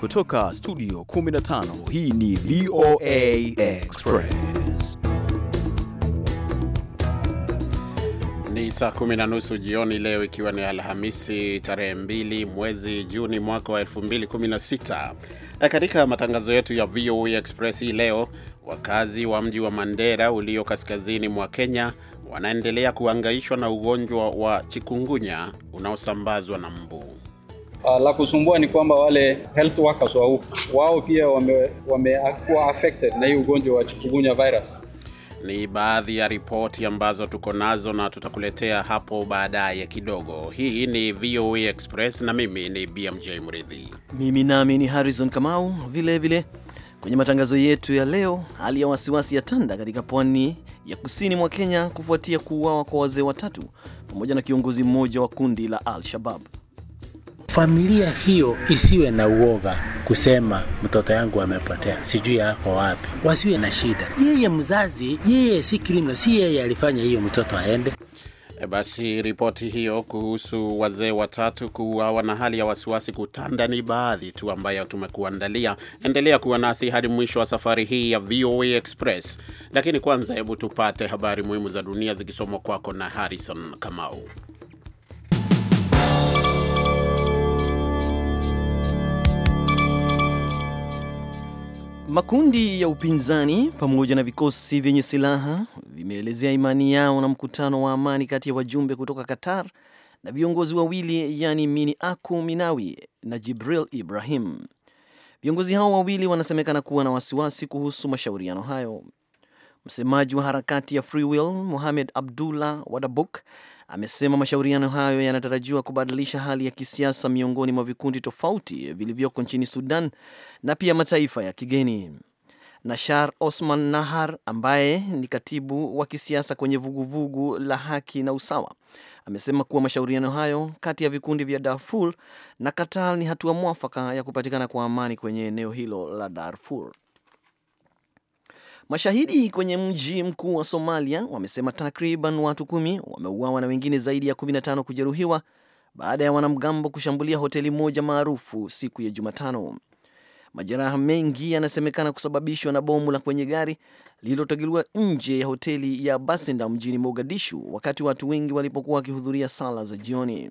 Kutoka studio 15 hii ni VOA Express. Ni saa kumi na nusu jioni leo, ikiwa ni Alhamisi tarehe 2 mwezi Juni mwaka wa 2016. Katika matangazo yetu ya VOA Express hii leo, wakazi wa mji wa Mandera ulio kaskazini mwa Kenya wanaendelea kuangaishwa na ugonjwa wa chikungunya unaosambazwa na mbu. Uh, la kusumbua ni kwamba wale health workers wa huku wao pia wamekuwa wame affected na hii ugonjwa wa chikungunya virus. Ni baadhi ya ripoti ambazo tuko nazo na tutakuletea hapo baadaye kidogo. Hii ni VOA Express na mimi ni BMJ Mridhi. Mimi nami ni Harrison Kamau. Vilevile vile, kwenye matangazo yetu ya leo, hali ya wasiwasi ya tanda katika pwani ya kusini mwa Kenya kufuatia kuuawa kwa wazee watatu pamoja na kiongozi mmoja wa kundi la Al-Shabab. Familia hiyo isiwe na uoga kusema mtoto yangu amepotea, sijui yako wapi. Wasiwe na shida, yeye mzazi, yeye si criminal, si yeye alifanya hiyo mtoto aende. E, basi ripoti hiyo kuhusu wazee watatu kuuawa na hali ya wasiwasi kutanda ni baadhi tu ambayo tumekuandalia. Endelea kuwa nasi hadi mwisho wa safari hii ya VOA Express, lakini kwanza, hebu tupate habari muhimu za dunia zikisomwa kwako na Harrison Kamau. Makundi ya upinzani pamoja na vikosi vyenye silaha vimeelezea imani yao na mkutano wa amani kati ya wajumbe kutoka Qatar na viongozi wawili yani Mini Aku Minawi na Jibril Ibrahim. Viongozi hao wawili wanasemekana kuwa na wasiwasi kuhusu mashauriano hayo. Msemaji wa harakati ya Free Will Mohamed Abdullah Wadabuk amesema mashauriano hayo yanatarajiwa kubadilisha hali ya kisiasa miongoni mwa vikundi tofauti vilivyoko nchini Sudan na pia mataifa ya kigeni. Nashar Osman Nahar ambaye ni katibu wa kisiasa kwenye vuguvugu vugu la haki na usawa amesema kuwa mashauriano hayo kati ya vikundi vya Darfur na katal ni hatua mwafaka ya kupatikana kwa amani kwenye eneo hilo la Darfur. Mashahidi kwenye mji mkuu wa Somalia wamesema takriban watu kumi wameuawa na wengine zaidi ya 15 kujeruhiwa baada ya wanamgambo kushambulia hoteli moja maarufu siku ya Jumatano. Majeraha mengi yanasemekana kusababishwa na bomu la kwenye gari lililotegeliwa nje ya hoteli ya Basenda mjini Mogadishu wakati watu wengi walipokuwa wakihudhuria sala za jioni.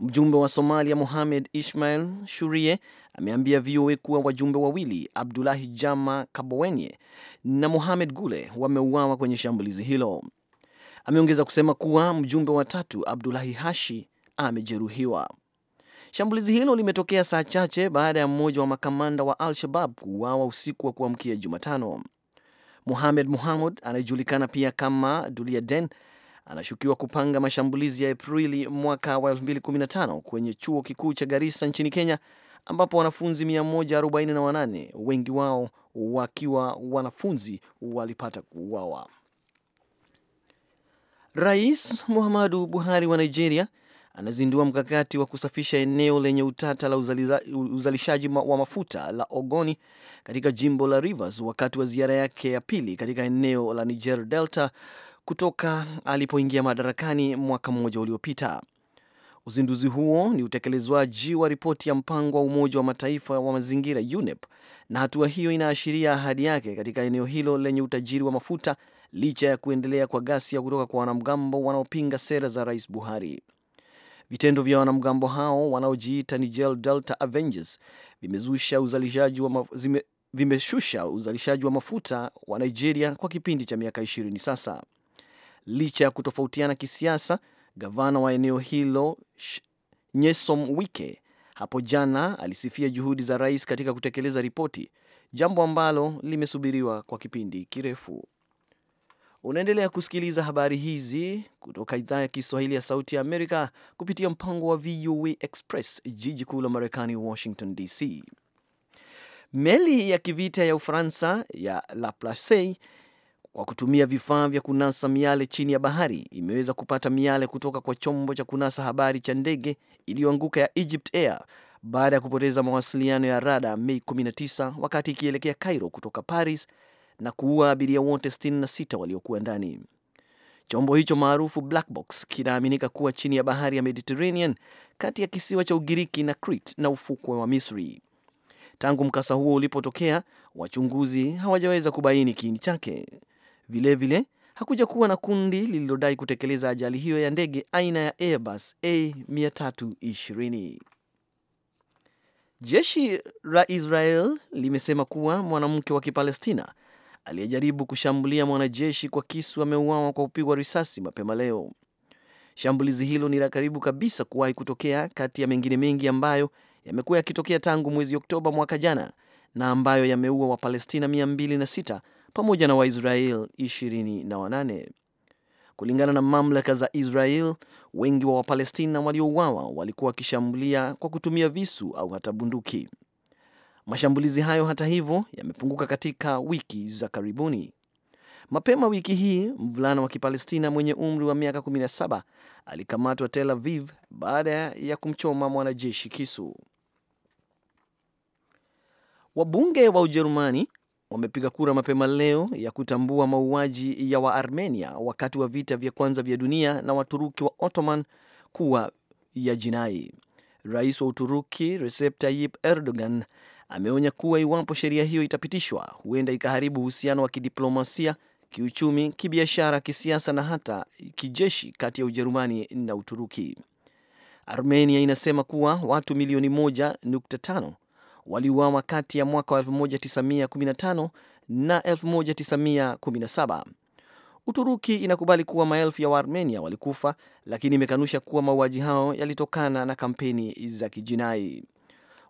Mjumbe wa Somalia Mohamed Ismail Shurie ameambia VOA kuwa wajumbe wawili Abdulahi Jama Kabowenye na Mohamed Gule wameuawa kwenye shambulizi hilo. Ameongeza kusema kuwa mjumbe wa tatu Abdulahi Hashi amejeruhiwa. Shambulizi hilo limetokea saa chache baada ya mmoja wa makamanda wa Al-Shabab kuuawa usiku wa kuamkia Jumatano. Mohamed Muhamud anayejulikana pia kama Dulia Den anashukiwa kupanga mashambulizi ya Aprili mwaka wa 2015 kwenye chuo kikuu cha Garissa nchini Kenya, ambapo wanafunzi 148 wengi wao wakiwa wanafunzi walipata kuuawa. Rais Muhammadu Buhari wa Nigeria anazindua mkakati wa kusafisha eneo lenye utata la uzalishaji wa mafuta la Ogoni katika jimbo la Rivers wakati wa ziara yake ya pili katika eneo la Niger Delta kutoka alipoingia madarakani mwaka mmoja uliopita. Uzinduzi huo ni utekelezwaji wa ripoti ya mpango wa Umoja wa Mataifa wa mazingira UNEP, na hatua hiyo inaashiria ahadi yake katika eneo hilo lenye utajiri wa mafuta licha ya kuendelea kwa ghasia kutoka kwa wanamgambo wanaopinga sera za Rais Buhari. Vitendo vya wanamgambo hao wanaojiita Niger Delta Avengers vimezusha uzalishaji wa maf... zime... vimeshusha uzalishaji wa mafuta wa Nigeria kwa kipindi cha miaka ishirini sasa. Licha ya kutofautiana kisiasa, gavana wa eneo hilo Nyesom Wike hapo jana alisifia juhudi za rais katika kutekeleza ripoti, jambo ambalo limesubiriwa kwa kipindi kirefu. Unaendelea kusikiliza habari hizi kutoka idhaa ya Kiswahili ya Sauti ya Amerika kupitia mpango wa VOA e Express, jiji kuu la Marekani, Washington DC. Meli ya kivita ya Ufaransa ya La Place kwa kutumia vifaa vya kunasa miale chini ya bahari imeweza kupata miale kutoka kwa chombo cha kunasa habari cha ndege iliyoanguka ya Egypt Air baada ya kupoteza mawasiliano ya rada Mei 19 wakati ikielekea Cairo kutoka Paris na kuua abiria wote 66 waliokuwa ndani. Chombo hicho maarufu black box kinaaminika kuwa chini ya bahari ya Mediterranean kati ya kisiwa cha Ugiriki na Crete na ufukwe wa Misri. Tangu mkasa huo ulipotokea, wachunguzi hawajaweza kubaini kiini chake. Vilevile hakuja kuwa na kundi lililodai kutekeleza ajali hiyo ya ndege aina ya Airbus A320. Jeshi la Israel limesema kuwa mwanamke wa Kipalestina aliyejaribu kushambulia mwanajeshi kwa kisu ameuawa kwa kupigwa risasi mapema leo. Shambulizi hilo ni la karibu kabisa kuwahi kutokea kati ya mengine mengi ambayo yamekuwa yakitokea tangu mwezi Oktoba mwaka jana na ambayo yameua Wapalestina 206 pamoja na Waisrael 28. Kulingana na mamlaka za Israel, wengi wa Wapalestina waliouawa walikuwa wakishambulia kwa kutumia visu au hata bunduki. Mashambulizi hayo hata hivyo yamepunguka katika wiki za karibuni. Mapema wiki hii mvulana wa Kipalestina mwenye umri wa miaka 17 alikamatwa Tel Aviv baada ya kumchoma mwanajeshi kisu. Wabunge wa Ujerumani wamepiga kura mapema leo ya kutambua mauaji ya Waarmenia wakati wa vita vya kwanza vya dunia na Waturuki wa Ottoman kuwa ya jinai. Rais wa Uturuki Recep Tayyip Erdogan ameonya kuwa iwapo sheria hiyo itapitishwa, huenda ikaharibu uhusiano wa kidiplomasia, kiuchumi, kibiashara, kisiasa na hata kijeshi kati ya Ujerumani na Uturuki. Armenia inasema kuwa watu milioni moja nukta tano waliuawa kati ya mwaka wa 1915 na 1917. Uturuki inakubali kuwa maelfu ya Waarmenia walikufa, lakini imekanusha kuwa mauaji hao yalitokana na kampeni za kijinai.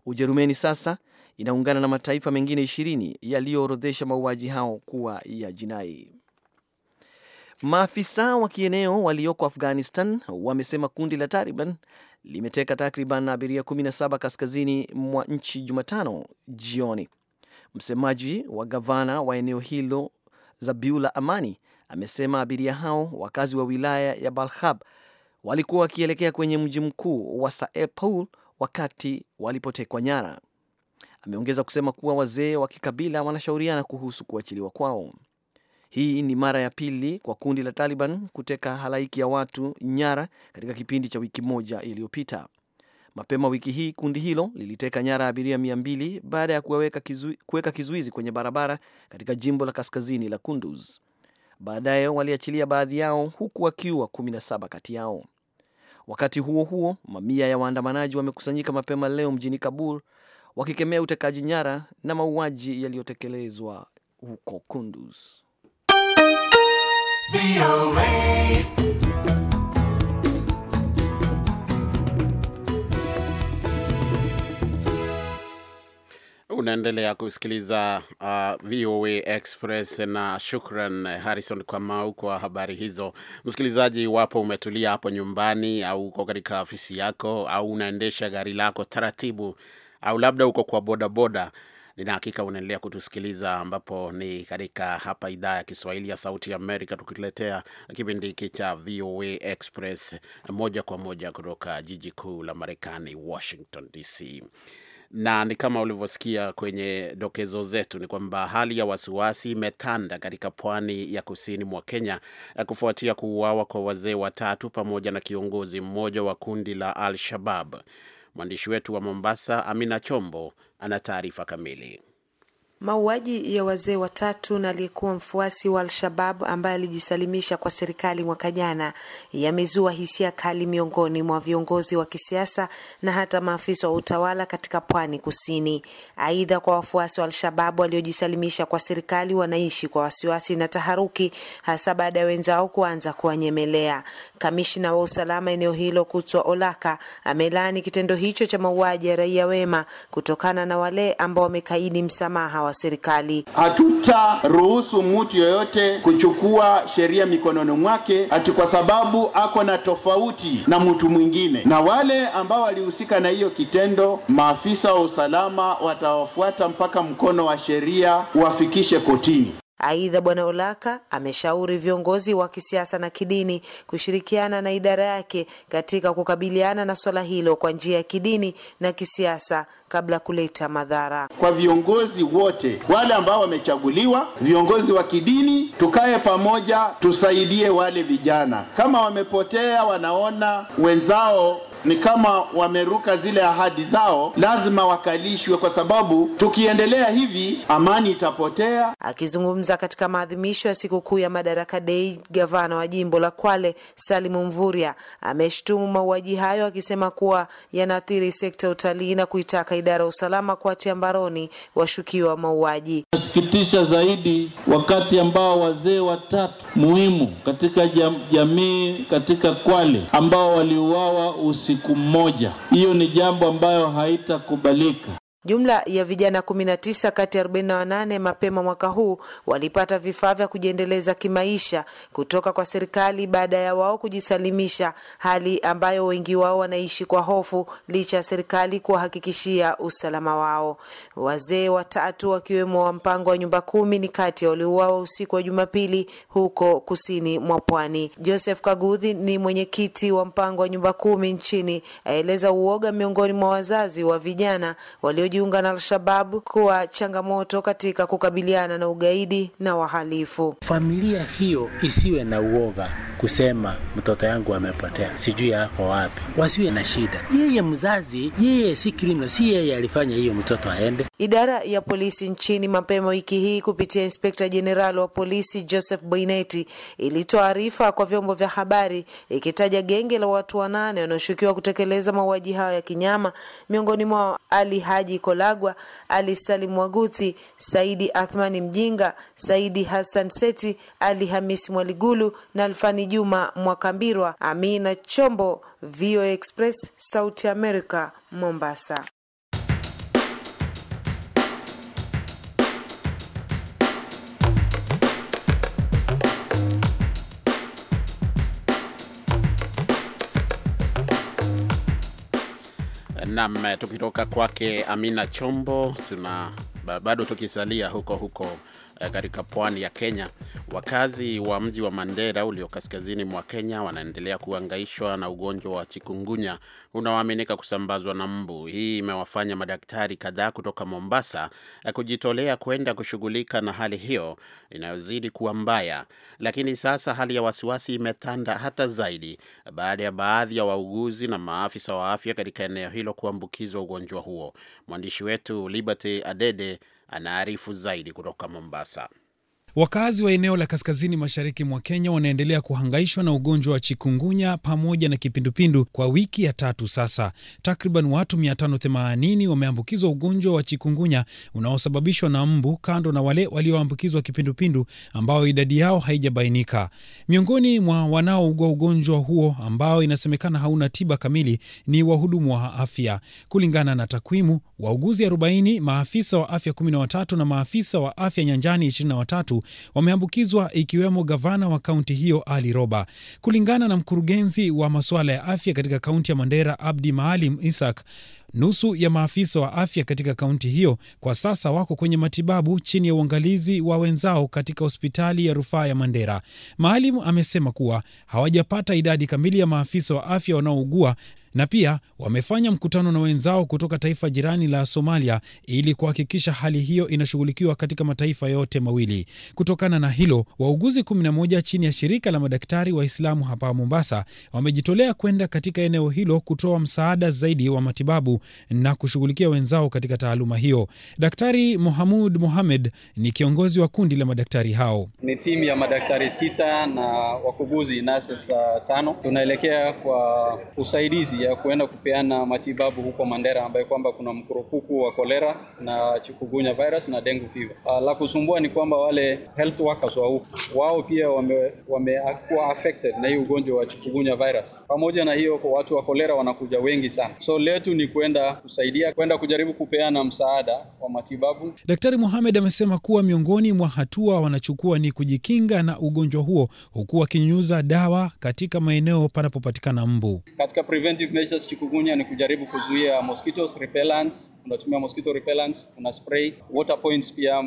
Ujerumani sasa inaungana na mataifa mengine 20 yaliyoorodhesha mauaji hao kuwa ya jinai. Maafisa wa kieneo walioko Afghanistan wamesema kundi la Taliban limeteka takriban abiria 17 kaskazini mwa nchi Jumatano jioni. Msemaji wa gavana wa eneo hilo Zabiula Amani amesema abiria hao wakazi wa wilaya ya balhab walikuwa wakielekea kwenye mji mkuu wa Saepul wakati walipotekwa nyara. Ameongeza kusema kuwa wazee wa kikabila wanashauriana kuhusu kuachiliwa kwao. Hii ni mara ya pili kwa kundi la Taliban kuteka halaiki ya watu nyara katika kipindi cha wiki moja iliyopita. Mapema wiki hii kundi hilo liliteka nyara abiria mbili baada ya kuweka kizui, kizuizi kwenye barabara katika jimbo la kaskazini la Kunduz. Baadaye waliachilia baadhi yao huku wakiwa 17 kati yao. Wakati huo huo, mamia ya waandamanaji wamekusanyika mapema leo mjini Kabul wakikemea utekaji nyara na mauaji yaliyotekelezwa huko Kunduz. Unaendelea kusikiliza uh, VOA Express na shukran eh, Harrison Kamau kwa habari hizo. Msikilizaji, iwapo umetulia hapo nyumbani au uko katika ofisi yako au unaendesha gari lako taratibu au labda uko kwa bodaboda boda. Nina hakika unaendelea kutusikiliza, ambapo ni katika hapa idhaa ya Kiswahili ya Sauti Amerika, tukiletea kipindi hiki cha VOA Express moja kwa moja kutoka jiji kuu la Marekani, Washington DC na ni kama ulivyosikia kwenye dokezo zetu, ni kwamba hali ya wasiwasi imetanda katika pwani ya kusini mwa Kenya kufuatia kuuawa kwa wazee watatu pamoja na kiongozi mmoja wa kundi la Al Shabab. Mwandishi wetu wa Mombasa, Amina Chombo, ana taarifa kamili. Mauaji ya wazee watatu na aliyekuwa mfuasi wa Al-Shabab ambaye alijisalimisha kwa serikali mwaka jana yamezua hisia kali miongoni mwa viongozi wa kisiasa na hata maafisa wa utawala katika Pwani Kusini. Aidha, kwa wafuasi wa Al-Shabab waliojisalimisha kwa serikali wanaishi kwa wasiwasi na taharuki, hasa baada ya wenzao kuanza kuwanyemelea. kamishina wa usalama eneo hilo Kutwa Olaka amelaani kitendo hicho cha mauaji ya raia wema kutokana na wale ambao wamekaidi msamaha wa serikali. Hatutaruhusu mtu yoyote kuchukua sheria mikononi mwake ati kwa sababu ako na tofauti na mtu mwingine, na wale ambao walihusika na hiyo kitendo, maafisa wa usalama watawafuata mpaka mkono wa sheria uwafikishe kotini. Aidha, Bwana Olaka ameshauri viongozi wa kisiasa na kidini kushirikiana na idara yake katika kukabiliana na swala hilo kwa njia ya kidini na kisiasa kabla kuleta madhara kwa viongozi wote wale ambao wamechaguliwa, viongozi wa kidini, tukae pamoja, tusaidie wale vijana kama wamepotea, wanaona wenzao ni kama wameruka zile ahadi zao, lazima wakalishwe, kwa sababu tukiendelea hivi amani itapotea. Akizungumza katika maadhimisho ya sikukuu ya Madaraka Dei, gavana wa jimbo la Kwale Salimu Mvurya ameshtumu mauaji hayo akisema kuwa yanaathiri sekta ya utalii na kuitaka idara ya usalama kuwatia mbaroni washukiwa mauaji. Nasikitisha zaidi wakati ambao wazee watatu muhimu katika jamii katika Kwale ambao waliuawa usiku siku moja. Hiyo ni jambo ambayo haitakubalika. Jumla ya vijana 19 kati ya 48 mapema mwaka huu walipata vifaa vya kujiendeleza kimaisha kutoka kwa serikali baada ya wao kujisalimisha, hali ambayo wengi wao wanaishi kwa hofu licha ya serikali kuwahakikishia usalama wao. Wazee watatu wakiwemo wa mpango wa nyumba kumi ni kati ya waliouawa usiku wa Jumapili huko kusini mwa pwani. Joseph Kaguthi ni mwenyekiti wa mpango wa nyumba kumi nchini, aeleza uoga miongoni mwa wazazi wa vijana walio kujiunga na Al-Shababu kuwa changamoto katika kukabiliana na ugaidi na wahalifu. Familia hiyo isiwe na uoga kusema mtoto yangu amepotea, sijui ako wapi, wasiwe na shida. Yeye mzazi, yeye si criminal, si yeye alifanya hiyo mtoto aende. Idara ya polisi nchini mapema wiki hii kupitia inspekta jenerali wa polisi Joseph Boineti ilitoa arifa kwa vyombo vya habari ikitaja genge la watu wanane wanaoshukiwa kutekeleza mauaji hayo ya kinyama, miongoni mwao Ali Haji Kolagwa, Ali Salim Mwaguti, Saidi Athmani Mjinga, Saidi Hassan Seti, Ali Hamisi Mwaligulu na Alfani Juma Mwakambirwa. Amina Chombo, VOA Express, Sauti America, Mombasa. Nam, tukitoka kwake Amina Chombo tuna bado tukisalia huko huko Eh, katika pwani ya Kenya. Wakazi wa mji wa Mandera ulio kaskazini mwa Kenya wanaendelea kuangaishwa na ugonjwa wa chikungunya unaoaminika kusambazwa na mbu. Hii imewafanya madaktari kadhaa kutoka Mombasa eh, kujitolea kwenda kushughulika na hali hiyo inayozidi kuwa mbaya, lakini sasa hali ya wasiwasi imetanda hata zaidi baada ya baadhi ya wauguzi na maafisa wa afya katika eneo hilo kuambukizwa ugonjwa huo. Mwandishi wetu Liberty Adede anaarifu zaidi kutoka Mombasa. Wakazi wa eneo la kaskazini mashariki mwa Kenya wanaendelea kuhangaishwa na ugonjwa wa chikungunya pamoja na kipindupindu kwa wiki ya tatu sasa. Takriban watu 580 wameambukizwa ugonjwa wa chikungunya unaosababishwa na mbu, kando na wale walioambukizwa kipindupindu ambao idadi yao haijabainika. Miongoni mwa wanaougua ugonjwa huo ambao inasemekana hauna tiba kamili ni wahudumu wa afya. Kulingana na takwimu, wauguzi 40, maafisa wa afya 13 na maafisa wa afya nyanjani 23 wameambukizwa ikiwemo gavana wa kaunti hiyo Ali Roba. Kulingana na mkurugenzi wa masuala ya afya katika kaunti ya Mandera Abdi Maalim Isak, nusu ya maafisa wa afya katika kaunti hiyo kwa sasa wako kwenye matibabu chini ya uangalizi wa wenzao katika hospitali ya rufaa ya Mandera. Maalim amesema kuwa hawajapata idadi kamili ya maafisa wa afya wanaougua na pia wamefanya mkutano na wenzao kutoka taifa jirani la Somalia ili kuhakikisha hali hiyo inashughulikiwa katika mataifa yote mawili. Kutokana na hilo, wauguzi 11 chini ya shirika la madaktari Waislamu hapa Mombasa wamejitolea kwenda katika eneo hilo kutoa msaada zaidi wa matibabu na kushughulikia wenzao katika taaluma hiyo. Daktari Mohamud Mohamed ni kiongozi wa kundi la madaktari hao. Ni timu ya madaktari sita na wakuguzi nurses uh, tano. Tunaelekea kwa usaidizi ya kuenda kupeana matibabu huko Mandera, ambaye kwamba kuna mkurupuku wa kolera na chikungunya virus na dengue fever. Ah, la kusumbua ni kwamba wale health workers wa huko wao pia wamekuwa wame affected na hii ugonjwa wa chikungunya virus. Pamoja na hiyo, kwa watu wa kolera wanakuja wengi sana, so letu ni kwenda kusaidia, kwenda kujaribu kupeana msaada wa matibabu. Daktari Mohamed amesema kuwa miongoni mwa hatua wanachukua ni kujikinga na ugonjwa huo, huku wakinyunyuza dawa katika maeneo panapopatikana mbu katika preventive preventive measures chikungunya ni kujaribu kuzuia mosquitoes repellents, tunatumia mosquito repellents, tuna spray water points pia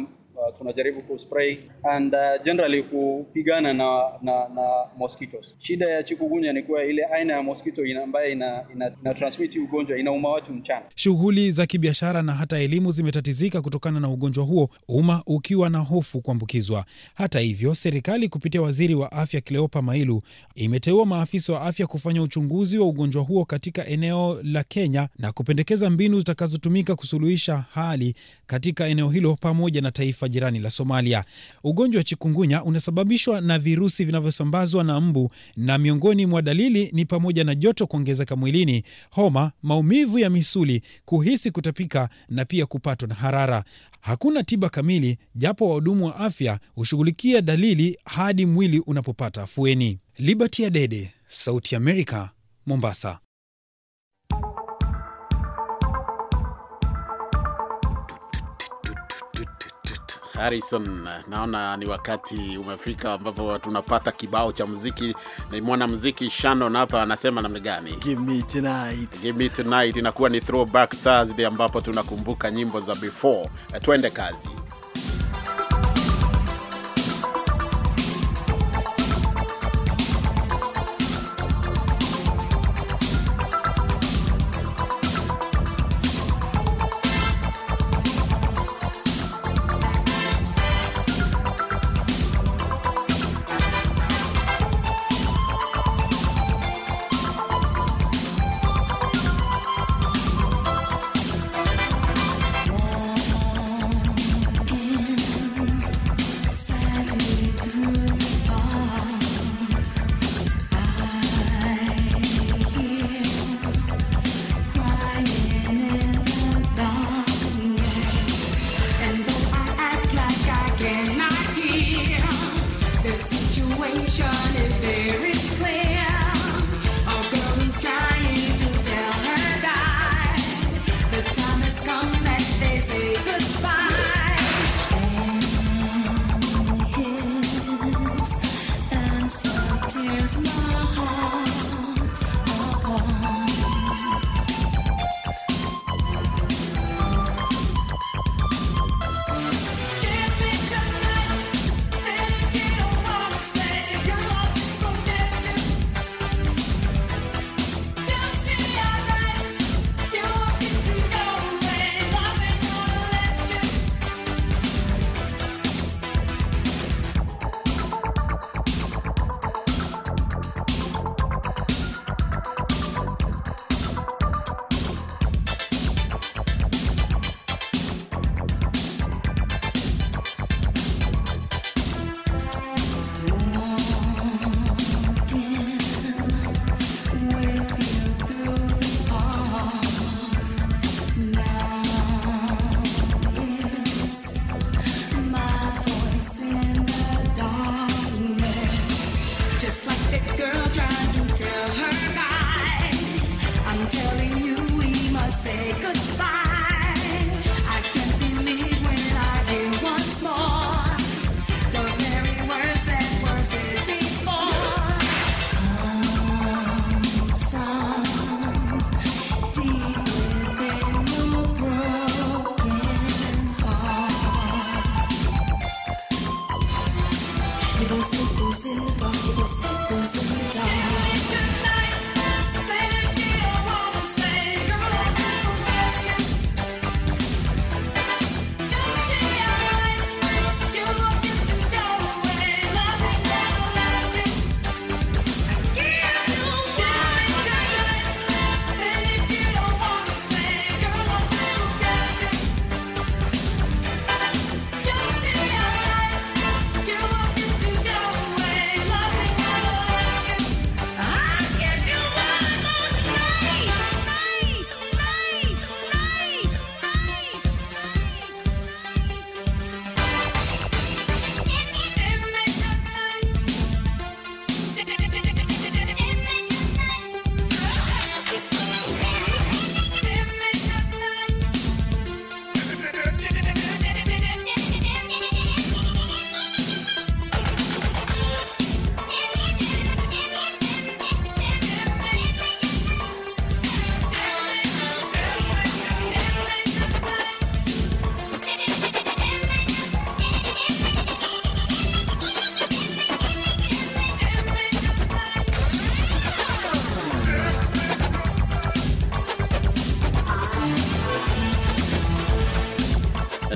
Uh, tunajaribu kuspray and uh, generally kupigana na, na na mosquitoes. Shida ya chikungunya ni kuwa ile aina ya mosquito ina ambayo ina, ina, ina transmit ugonjwa inauma watu mchana. Shughuli za kibiashara na hata elimu zimetatizika kutokana na ugonjwa huo, umma ukiwa na hofu kuambukizwa. Hata hivyo, serikali kupitia waziri wa afya Cleopa Mailu imeteua maafisa wa afya kufanya uchunguzi wa ugonjwa huo katika eneo la Kenya na kupendekeza mbinu zitakazotumika kusuluhisha hali katika eneo hilo pamoja na taifa jirani la Somalia. Ugonjwa wa chikungunya unasababishwa na virusi vinavyosambazwa na mbu, na miongoni mwa dalili ni pamoja na joto kuongezeka mwilini, homa, maumivu ya misuli, kuhisi kutapika na pia kupatwa na harara. Hakuna tiba kamili, japo wahudumu wa afya hushughulikia dalili hadi mwili unapopata afueni. Liberty Adede, Sauti america Mombasa. Harrison, naona ni wakati umefika ambapo tunapata kibao cha muziki. Ni mwanamuziki Shannon hapa anasema namna gani? Give me tonight. Give me tonight inakuwa ni throwback Thursday ambapo tunakumbuka nyimbo za before. Eh, twende kazi.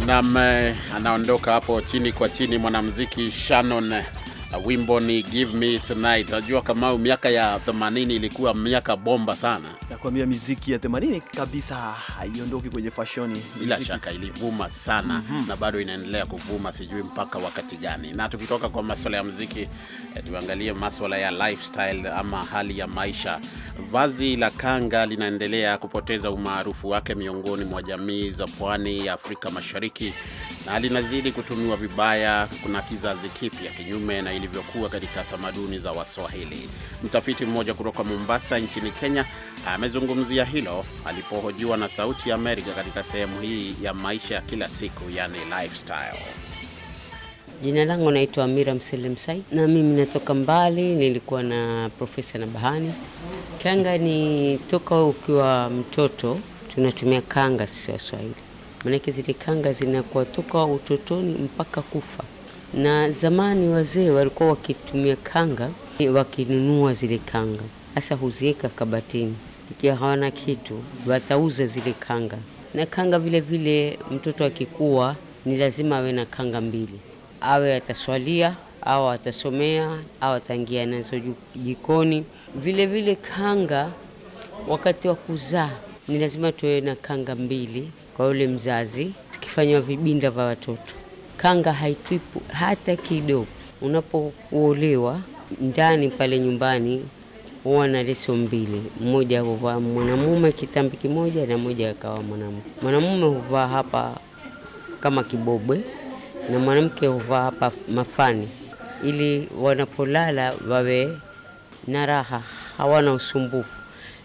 Nam eh, anaondoka hapo chini kwa chini mwanamuziki Shannon wimbo ni Give Me Tonight. Najua kama miaka ya 80 ilikuwa miaka bomba sana. Nakwambia miziki ya 80 kabisa haiondoki kwenye fashioni. Bila shaka ilivuma sana mm -hmm. na bado inaendelea kuvuma, sijui mpaka wakati gani. Na tukitoka kwa masuala ya muziki, eh, tuangalie masuala ya lifestyle ama hali ya maisha. Vazi la kanga linaendelea kupoteza umaarufu wake miongoni mwa jamii za pwani ya Afrika Mashariki na linazidi kutumiwa vibaya kuna kizazi kipya, kinyume na ilivyokuwa katika tamaduni za Waswahili. Mtafiti mmoja kutoka Mombasa nchini Kenya amezungumzia hilo alipohojiwa na Sauti ya Amerika katika sehemu hii ya maisha ya kila siku, yani lifestyle. Jina langu naitwa Amira Mselem Said na mimi natoka mbali, nilikuwa na Profesa na Bahani. Kanga ni toka ukiwa mtoto tunatumia kanga sisi Waswahili Maanake zile kanga zinakuwa toka utotoni mpaka kufa. Na zamani wazee walikuwa wakitumia kanga, wakinunua zile kanga, hasa huziweka kabatini, ikiwa hawana kitu watauza zile kanga. Na kanga vile vile, mtoto akikuwa ni lazima awe na kanga mbili, awe ataswalia au atasomea au ataingia nazo jikoni. Vile vile kanga wakati wa kuzaa ni lazima tuwe na kanga mbili kwa yule mzazi, ikifanywa vibinda vya watoto. Kanga haitwipu hata kidogo. Unapokuolewa ndani pale nyumbani huwa na leso mbili, mmoja huvaa mwanamume kitambi kimoja na mmoja akawa mwanamke. Mwanamume huvaa hapa kama kibobwe na mwanamke huvaa hapa mafani, ili wanapolala wawe na raha, hawana usumbufu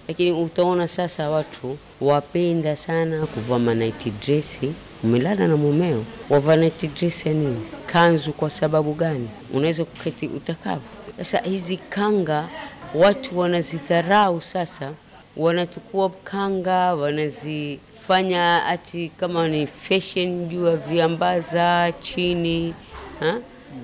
lakini utaona sasa watu wapenda sana kuvaa manaiti dress Umelala na mumeo, wavaa naiti dresi ya nini? Kanzu kwa sababu gani? Unaweza kuketi utakavu Sasa hizi kanga watu wanazidharau sasa, wanachukua kanga wanazifanya ati kama ni fashion juu ya viambaza chini ha?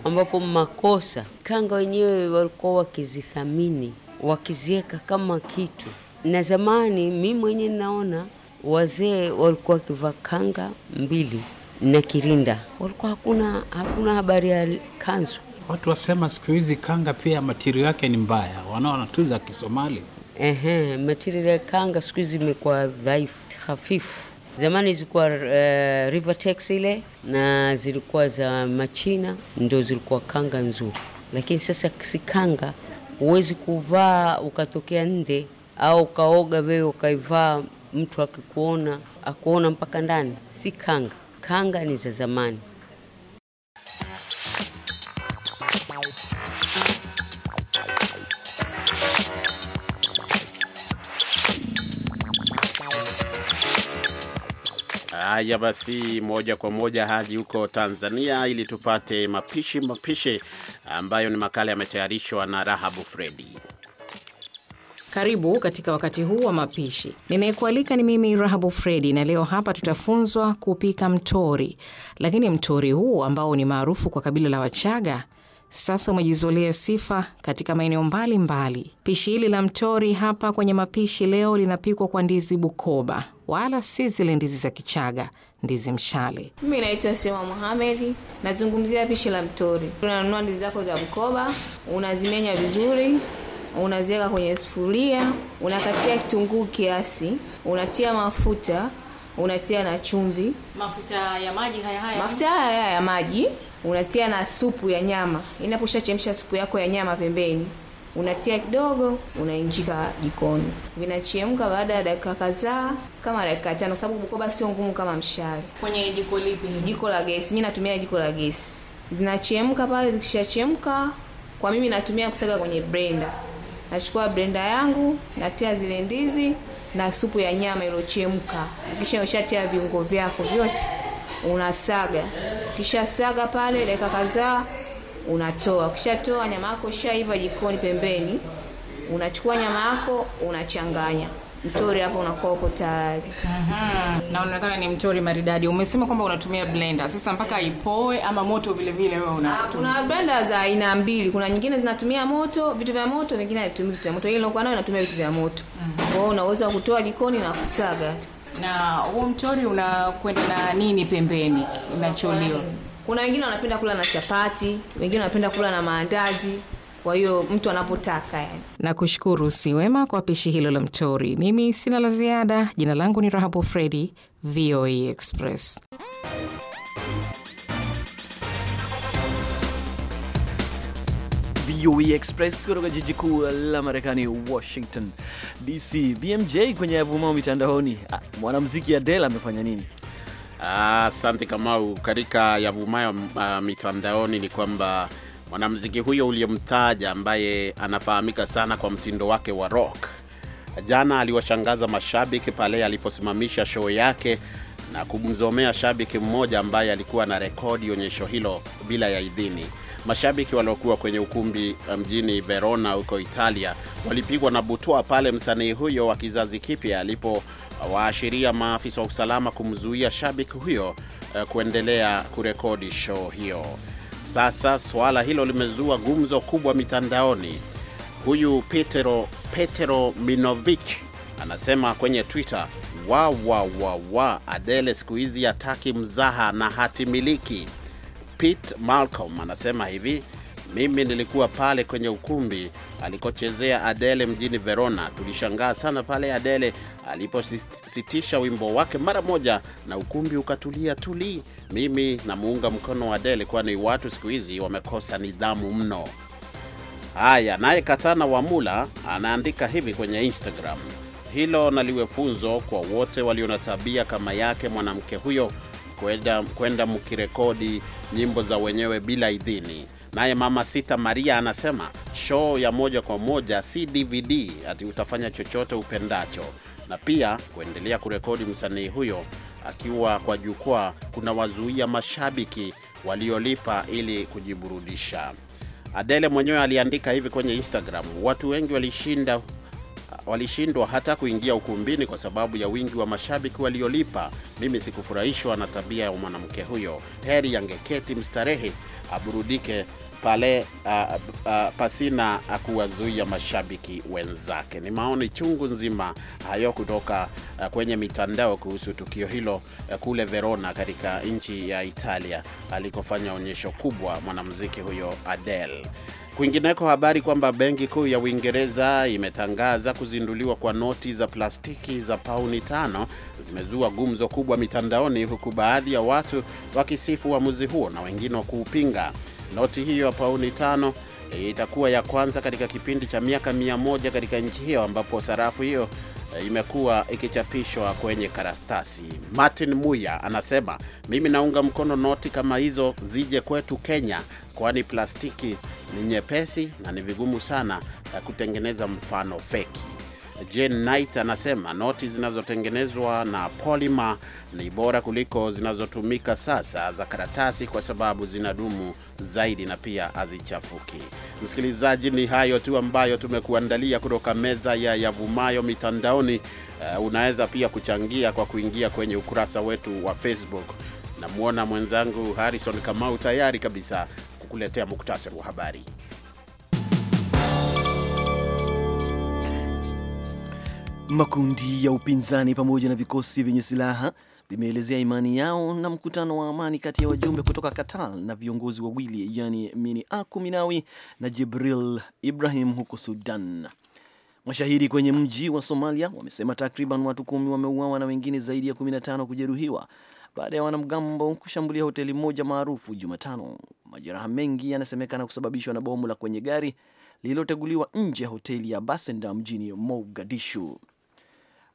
ambapo makosa kanga wenyewe walikuwa wakizithamini wakiziweka kama kitu na zamani mi mwenye naona wazee walikuwa wakivaa kanga mbili na kirinda, walikuwa hakuna hakuna habari ya kanzu. Watu wasema siku hizi kanga pia matiri yake ni mbaya, wanaona tu za Kisomali. Ehe, matiri ya kanga siku hizi imekuwa dhaifu hafifu. Zamani zilikuwa uh, eh, Rivertex ile na zilikuwa za Machina, ndo zilikuwa kanga nzuri, lakini sasa si kanga, huwezi kuvaa ukatokea nde au kaoga wewe ukaivaa, mtu akikuona akuona mpaka ndani, si kanga. Kanga ni za zamani. Haya basi, moja kwa moja hadi huko Tanzania ili tupate mapishi mapishi, ambayo ni makala yametayarishwa na Rahabu Fredi. Karibu katika wakati huu wa mapishi. Ninayekualika ni mimi Rahabu Fredi, na leo hapa tutafunzwa kupika mtori. Lakini mtori huu ambao ni maarufu kwa kabila la Wachaga sasa umejizolea sifa katika maeneo mbalimbali. Pishi hili la mtori hapa kwenye mapishi leo linapikwa kwa ndizi Bukoba, wala si zile ndizi za Kichaga, ndizi mshale. Mimi naitwa Sema Muhamedi, nazungumzia pishi la mtori. Unanunua ndizi zako za Bukoba, unazimenya vizuri unaziweka kwenye sufuria, unakatia kitunguu kiasi, unatia mafuta, unatia na chumvi. Mafuta ya maji haya haya, mafuta haya haya ya maji, unatia na supu ya nyama. Inaposhachemsha supu yako ya nyama pembeni, unatia kidogo, unainjika jikoni, vinachemka. Baada ya dakika kadhaa kama dakika tano, sababu Bukoba sio ngumu kama mshale. Kwenye jiko lipi? Jiko la gesi. mi natumia jiko la gesi. Zinachemka pale, zikishachemka, kwa mimi natumia kusaga kwenye brenda nachukua blenda yangu natia zile ndizi na supu ya nyama iliyochemka. Kisha ushatia viungo vyako vyote, unasaga. Kisha saga pale dakika kadhaa, unatoa. Ukishatoa nyama yako shaiva jikoni pembeni, unachukua nyama yako unachanganya mtori hapo unakuwa uko tayari. Na mhm. unaonekana ni mtori maridadi. Umesema kwamba unatumia blender, sasa mpaka ipoe ama moto vile vile wewe ah, unatumia? Kuna blender za aina mbili, kuna nyingine zinatumia moto, vitu vya moto, vingine hazitumii vitu vya moto. Ile nayo inatumia vitu vya moto, mhm. kwa hiyo unaweza wa kutoa jikoni na kusaga. Na huo mtori unakwenda na nini pembeni, unacholiwa? Kuna wengine wanapenda kula na chapati, wengine wanapenda kula na maandazi kwa hiyo mtu anavyotaka yani. Nakushukuru Siwema kwa pishi hilo la mtori. Mimi sina la ziada. Jina langu ni Rahabu Fredi, VOA Express. VOA Express kutoka jiji kuu la Marekani, Washington DC. BMJ kwenye avumao mitandaoni, ah, mwanamziki Adele amefanya nini? Ah, asante ah, Kamau. Katika yavumayo uh, ah, mitandaoni ni kwamba mwanamziki huyo uliyemtaja ambaye anafahamika sana kwa mtindo wake wa rock, jana aliwashangaza mashabiki pale aliposimamisha show yake na kumzomea shabiki mmoja ambaye alikuwa na rekodi onyesho hilo bila ya idhini. Mashabiki waliokuwa kwenye ukumbi eh, mjini Verona huko Italia walipigwa na butwa pale msanii huyo wa kizazi kipya alipowaashiria maafisa wa usalama kumzuia shabiki huyo eh, kuendelea kurekodi show hiyo. Sasa suala hilo limezua gumzo kubwa mitandaoni. Huyu Petero, Petero Minovich anasema kwenye Twitter, wa wa wa wa Adele siku hizi hataki mzaha na hati miliki. Pete Malcolm anasema hivi mimi nilikuwa pale kwenye ukumbi alikochezea Adele mjini Verona. Tulishangaa sana pale Adele alipositisha wimbo wake mara moja na ukumbi ukatulia tuli. Mimi namuunga mkono wa Adele, kwani watu siku hizi wamekosa nidhamu mno. Haya, naye Katana Wamula anaandika hivi kwenye Instagram, hilo naliwe funzo kwa wote walio na tabia kama yake mwanamke huyo, kwenda mkirekodi nyimbo za wenyewe bila idhini. Naye mama sita Maria anasema show ya moja kwa moja, si DVD, ati utafanya chochote upendacho, na pia kuendelea kurekodi msanii huyo akiwa kwa jukwaa kuna wazuia mashabiki waliolipa ili kujiburudisha. Adele mwenyewe aliandika hivi kwenye Instagram, watu wengi walishinda walishindwa hata kuingia ukumbini kwa sababu ya wingi wa mashabiki waliolipa. Mimi sikufurahishwa na tabia ya mwanamke huyo, heri angeketi mstarehe aburudike pale uh, uh, pasina kuwazuia mashabiki wenzake. Ni maoni chungu nzima hayo kutoka uh, kwenye mitandao kuhusu tukio hilo uh, kule Verona katika nchi ya Italia alikofanya onyesho kubwa mwanamuziki huyo Adele. Kwingineko, habari kwamba benki kuu ya Uingereza imetangaza kuzinduliwa kwa noti za plastiki za pauni tano zimezua gumzo kubwa mitandaoni, huku baadhi ya watu wakisifu uamuzi wa huo na wengine wa kuupinga. Noti hiyo ya pauni tano eh, itakuwa ya kwanza katika kipindi cha miaka mia moja katika nchi hiyo ambapo sarafu hiyo eh, imekuwa ikichapishwa kwenye karatasi. Martin Muya anasema, mimi naunga mkono noti kama hizo zije kwetu Kenya, kwani plastiki ni nyepesi na ni vigumu sana eh, kutengeneza mfano feki. Jane Knight anasema noti zinazotengenezwa na polima ni bora kuliko zinazotumika sasa za karatasi kwa sababu zinadumu zaidi na pia hazichafuki. Msikilizaji, ni hayo tu ambayo tumekuandalia kutoka meza ya yavumayo mitandaoni. Uh, unaweza pia kuchangia kwa kuingia kwenye ukurasa wetu wa Facebook. Namwona mwenzangu Harrison Kamau tayari kabisa kukuletea muktasari wa habari. Makundi ya upinzani pamoja na vikosi vyenye silaha limeelezea imani yao na mkutano wa amani kati ya wajumbe kutoka Qatar na viongozi wawili yani Mini Aku Minawi na Jibril Ibrahim huko Sudan. Mashahidi kwenye mji wa Somalia wamesema takriban watu kumi wameuawa na wengine zaidi ya 15 kujeruhiwa baada ya wanamgambo kushambulia hoteli moja maarufu Jumatano. Majeraha mengi yanasemekana kusababishwa na bomu la kwenye gari lililoteguliwa nje ya hoteli ya Basenda mjini Mogadishu.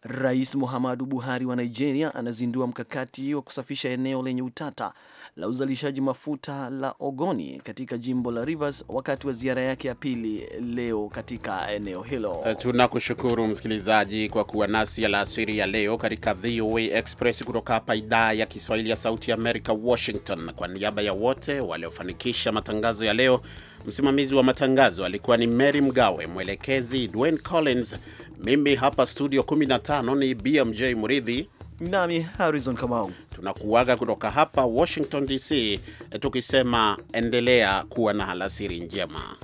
Rais Muhammadu Buhari wa Nigeria anazindua mkakati wa kusafisha eneo lenye utata la uzalishaji mafuta la Ogoni katika jimbo la Rivers wakati wa ziara yake ya pili leo katika eneo hilo. Eh, tunakushukuru msikilizaji kwa kuwa nasi alasiri ya leo katika VOA Express kutoka hapa idhaa ya Kiswahili ya Sauti ya Amerika, Washington. Kwa niaba ya wote waliofanikisha matangazo ya leo, msimamizi wa matangazo alikuwa ni Mary Mgawe, mwelekezi Dwayne Collins. Mimi hapa studio 15 ni BMJ Muridhi nami Harrison Kamau tunakuaga kutoka hapa Washington DC, tukisema endelea kuwa na halasiri njema.